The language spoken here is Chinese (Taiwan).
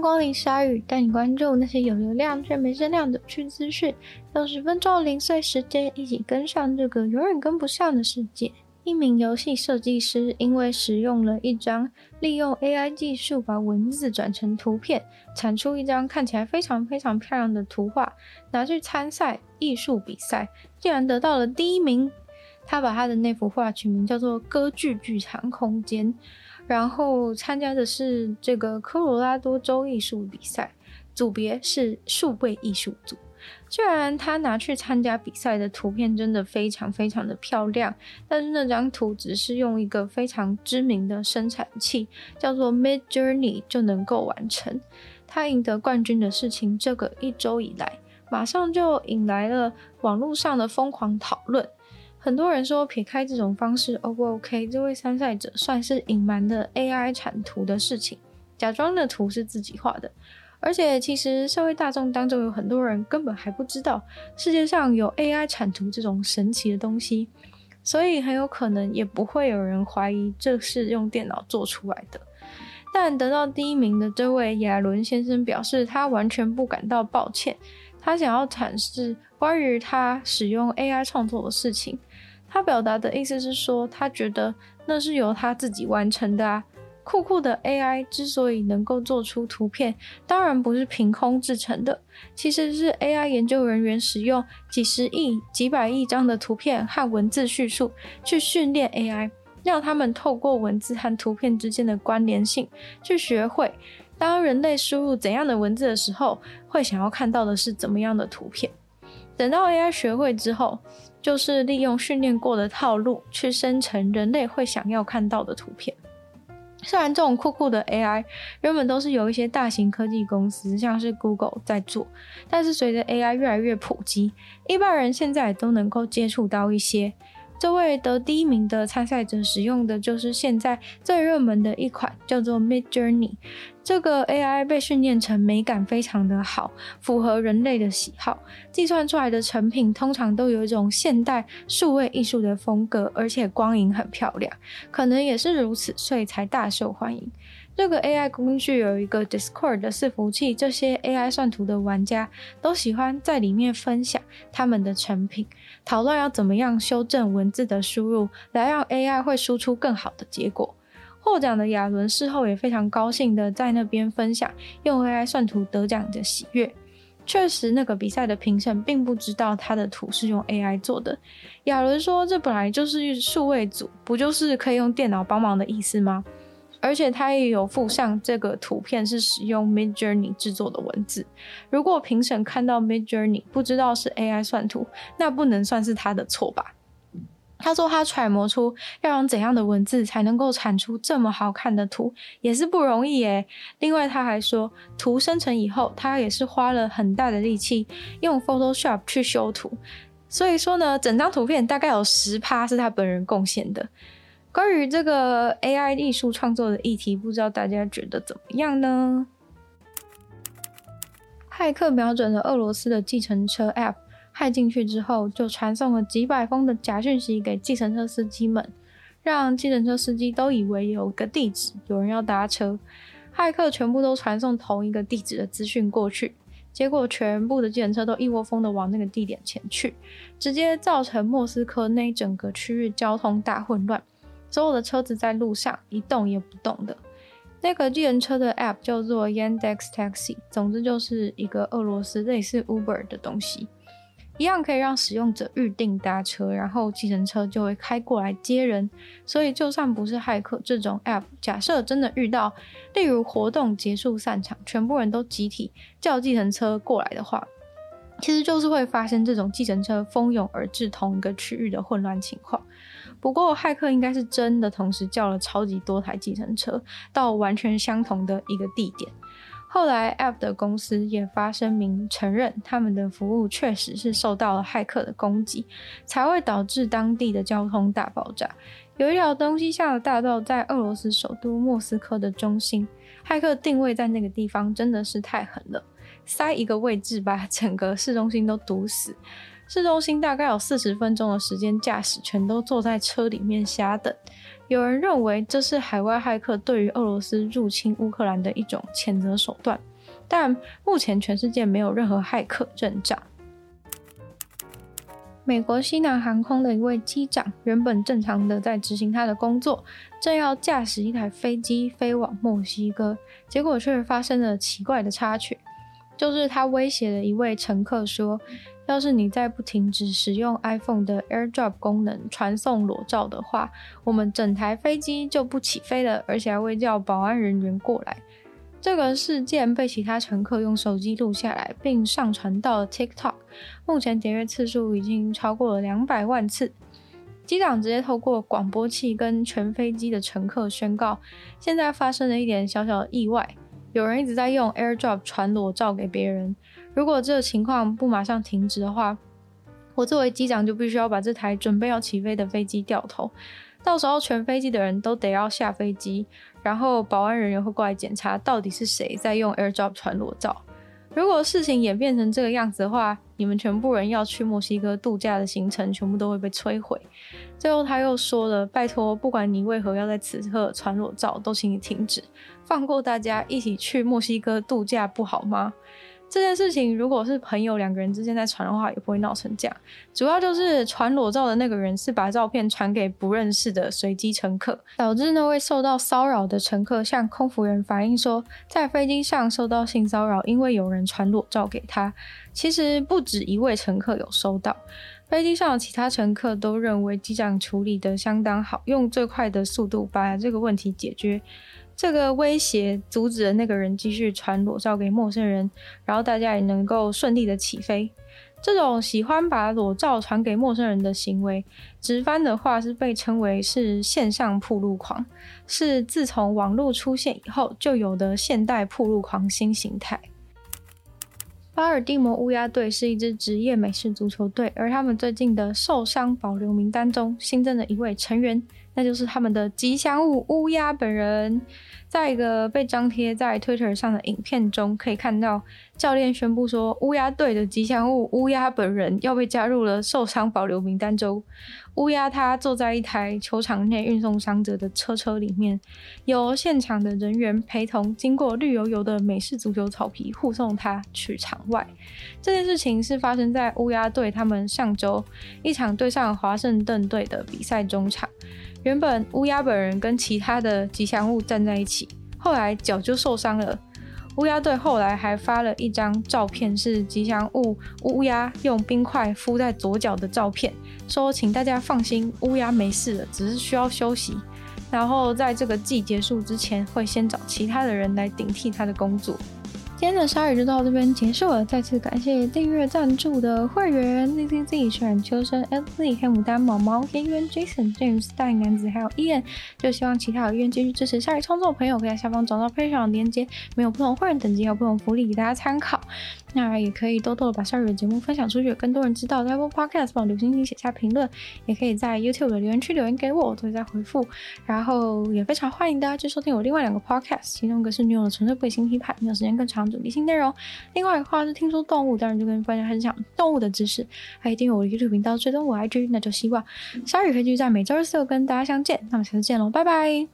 光臨鯊語，帶你關注那些有流量卻沒聲量的趣資訊。用十分鐘零碎時間，一起跟上這個永遠跟不上的世界。一名遊戲設計師因為使用了一張利用 AI 技術把文字轉成圖片，產出一張看起來非常非常漂亮的圖畫，拿去參賽藝術比賽，竟然得到了第一名。他把他的那幅畫取名叫做《歌劇劇場空間》。然後參加的是這個科羅拉多州藝術比賽，組別是數位藝術組。雖然他拿去參加比賽的圖片真的非常非常的漂亮，但是那張圖只是用一個非常知名的生產器，叫做 Midjourney，就能夠完成。他贏得冠軍的事情，這個一周以來，馬上就引來了網絡上的瘋狂討論。很多人說，撇開這種方式 O 不 OK，這位參賽者算是隱瞞了 AI 產圖的事情，假裝的圖是自己畫的。而且，其實社會大眾當中有很多人根本還不知道世界上有 AI 產圖這種神奇的東西，所以很有可能也不會有人懷疑這是用電腦做出來的。但得到第一名的這位亞倫先生表示，他完全不感到抱歉。他想要闡釋關於他使用 AI 創作的事情。他表達的意思是說，他覺得那是由他自己完成的啊。酷酷的 AI 之所以能夠做出圖片，當然不是憑空制成的，其實是 AI 研究人員使用幾十億、幾百億張的圖片和文字敘述去訓練 AI，讓他們透過文字和圖片之間的關聯性去學會。當人類輸入怎樣的文字的時候，會想要看到的是怎麼樣的圖片？等到 AI 學會之後，就是利用訓練過的套路去生成人類會想要看到的圖片。雖然這種酷酷的 AI 原本都是有一些大型科技公司，像是 Google 在做，但是隨着 AI 越來越普及，一般人現在都能夠接觸到一些。這位得第一名的參賽者使用的就是現在最熱門的一款，叫做 Midjourney。這個 AI 被訓練成美感非常的好，符合人類的喜好，計算出來的成品通常都有一種現代數位藝術的風格，而且光影很漂亮，可能也是如此，所以才大受歡迎。這個 AI 工具有一個 Discord 的伺服器，這些 AI 算圖的玩家都喜歡在裡面分享他們的成品，討論要怎麼樣修正文字的輸入，來讓 AI 會輸出更好的結果。獲獎的亞倫事後也非常高興的在那邊分享用 AI 算圖得獎的喜悅。確實，那個比賽的評審並不知道他的圖是用 AI 做的。亞倫說：“這本來就是數位組，不就是可以用電腦幫忙的意思嗎？”而且他也有附上這個圖片，是使用 Midjourney 製作的文字。如果評審看到 Midjourney 不知道是 AI 算圖，那不能算是他的錯吧？他說他揣摩出要用怎樣的文字才能夠產出這麼好看的圖，也是不容易耶、欸。另外他還說，圖生成以後，他也是花了很大的力氣用 Photoshop 去修圖。所以說呢，整張圖片大概有十趴是他本人貢獻的。關於這個 AI 藝術創作的議題，不知道大家覺得怎麼樣呢？駭客瞄準了俄羅斯的計程車 App，駭進去之後就傳送了幾百封的假訊息給計程車司機們，讓計程車司機都以為有個地址有人要搭車。駭客全部都傳送同一個地址的資訊過去，結果全部的計程車都一窩蜂的往那個地點前去，直接造成莫斯科那整個區域交通大混亂。所有的車子在路上一動也不動的，那個計程車的 app 叫做 Yandex Taxi，總之就是一個俄羅斯類似 Uber 的東西，一樣可以讓使用者預定搭車，然後計程車就會開過來接人。所以就算不是駭客這種 app，假設真的遇到，例如活動結束散場，全部人都集體叫計程車過來的話，其實就是會發生這種計程車蜂擁而至同一個區域的混亂情況。不過，駭客應該是真的同時叫了超級多台計程車到完全相同的一個地點。後來，App 的公司也發聲明承認，他們的服務確實是受到了駭客的攻擊，才會導致當地的交通大爆炸。有一條東西向的大道在俄羅斯首都莫斯科的中心，駭客定位在那個地方真的是太狠了，塞一個位置把整個市中心都堵死。市中心大概有四十分鐘的時間駕駛，全都坐在車裡面瞎等。有人認為這是海外駭客對於俄羅斯入侵烏克蘭的一種譴責手段，但目前全世界沒有任何駭客認賬。美國西南航空的一位機長原本正常的在執行他的工作，正要駕駛一台飛機飛往墨西哥，結果卻發生了奇怪的插曲，就是他威脅了一位乘客說。要是你再不停止使用 iPhone 的 AirDrop 功能傳送裸照的話，我們整台飛機就不起飛了，而且還會叫保安人員過來。這個事件被其他乘客用手機錄下來，並上傳到了 TikTok，目前點閱次數已經超過了兩百萬次。機長直接透過廣播器跟全飛機的乘客宣告，現在發生了一點小小的意外，有人一直在用 AirDrop 傳裸照給別人。如果這個情況不馬上停止的話，我作為機長就必須要把這台準備要起飛的飛機掉頭。到時候全飛機的人都得要下飛機，然後保安人員會過來檢查到底是誰在用 AirDrop 傳裸照。如果事情演變成這個樣子的話，你們全部人要去墨西哥度假的行程全部都會被摧毀。最後他又說了：“拜托，不管你為何要在此刻傳裸照，都請你停止，放過大家一起去墨西哥度假，不好嗎？”這件事情如果是朋友兩個人之間在傳的話，也不會鬧成這樣。主要就是傳裸照的那個人是把照片傳給不認識的隨機乘客，導致那位受到騷擾的乘客向空服員反映說，在飛機上受到性騷擾，因為有人傳裸照給他。其實不止一位乘客有收到，飛機上的其他乘客都認為機長處理得相當好，用最快的速度把這個問題解決。這個威脅阻止了那個人繼續傳裸照給陌生人，然後大家也能夠順利的起飛。這種喜歡把裸照傳給陌生人的行為，直翻的話是被稱為是線上暴露狂，是自從網絡出現以後就有的現代暴露狂新形態。巴爾的摩烏鴉隊是一支職業美式足球隊，而他們最近的受傷保留名單中新增了一位成員。那就是他們的吉祥物烏鴉本人，在一個被張貼在 Twitter 上的影片中，可以看到教練宣布說，烏鴉隊的吉祥物烏鴉本人要被加入了受傷保留名單中。烏鴉他坐在一台球場內運送傷者的車車裡面，由現場的人員陪同，經過綠油油的美式足球草皮護送他去場外。這件事情是發生在烏鴉隊他們上周一場對上華盛頓隊的比賽中場。原本烏鴉本人跟其他的吉祥物站在一起，後來腳就受傷了。烏鴉隊後來還發了一張照片，是吉祥物烏鴉用冰塊敷在左腳的照片，說請大家放心，烏鴉沒事了，只是需要休息。然後在這個季結束之前，會先找其他的人來頂替他的工作。今天的鯊語就到這邊結束了。再次感謝訂閱贊助的會員：ZZZ、雪染秋生、S Z、黑牡丹、毛毛、天元 Jason、james 大男子，還有 Ian、e。就希望其他有意願繼續支持鯊魚創作的朋友，可以在下方找到分享連結。沒有不同會員等級有不同福利給大家參考。那也可以多多的把鯊魚的節目分享出去，更多人知道。在 Apple Podcast 幫我留五星星寫下評論，也可以在 YouTube 的留言區留言給我，我都會再回覆。然後也非常歡迎大家去收聽我另外兩個 Podcast，其中一個是女友的純粹不理性批判，影時間更長。主理性內容。另外的話是聽說動物，當然就跟大家還是講動物的知識。還訂閱我的 YouTube 頻道，追蹤我的 IG，那就希望鯊魚可以在每周日四跟大家相見。那我們下次見嘍，拜拜。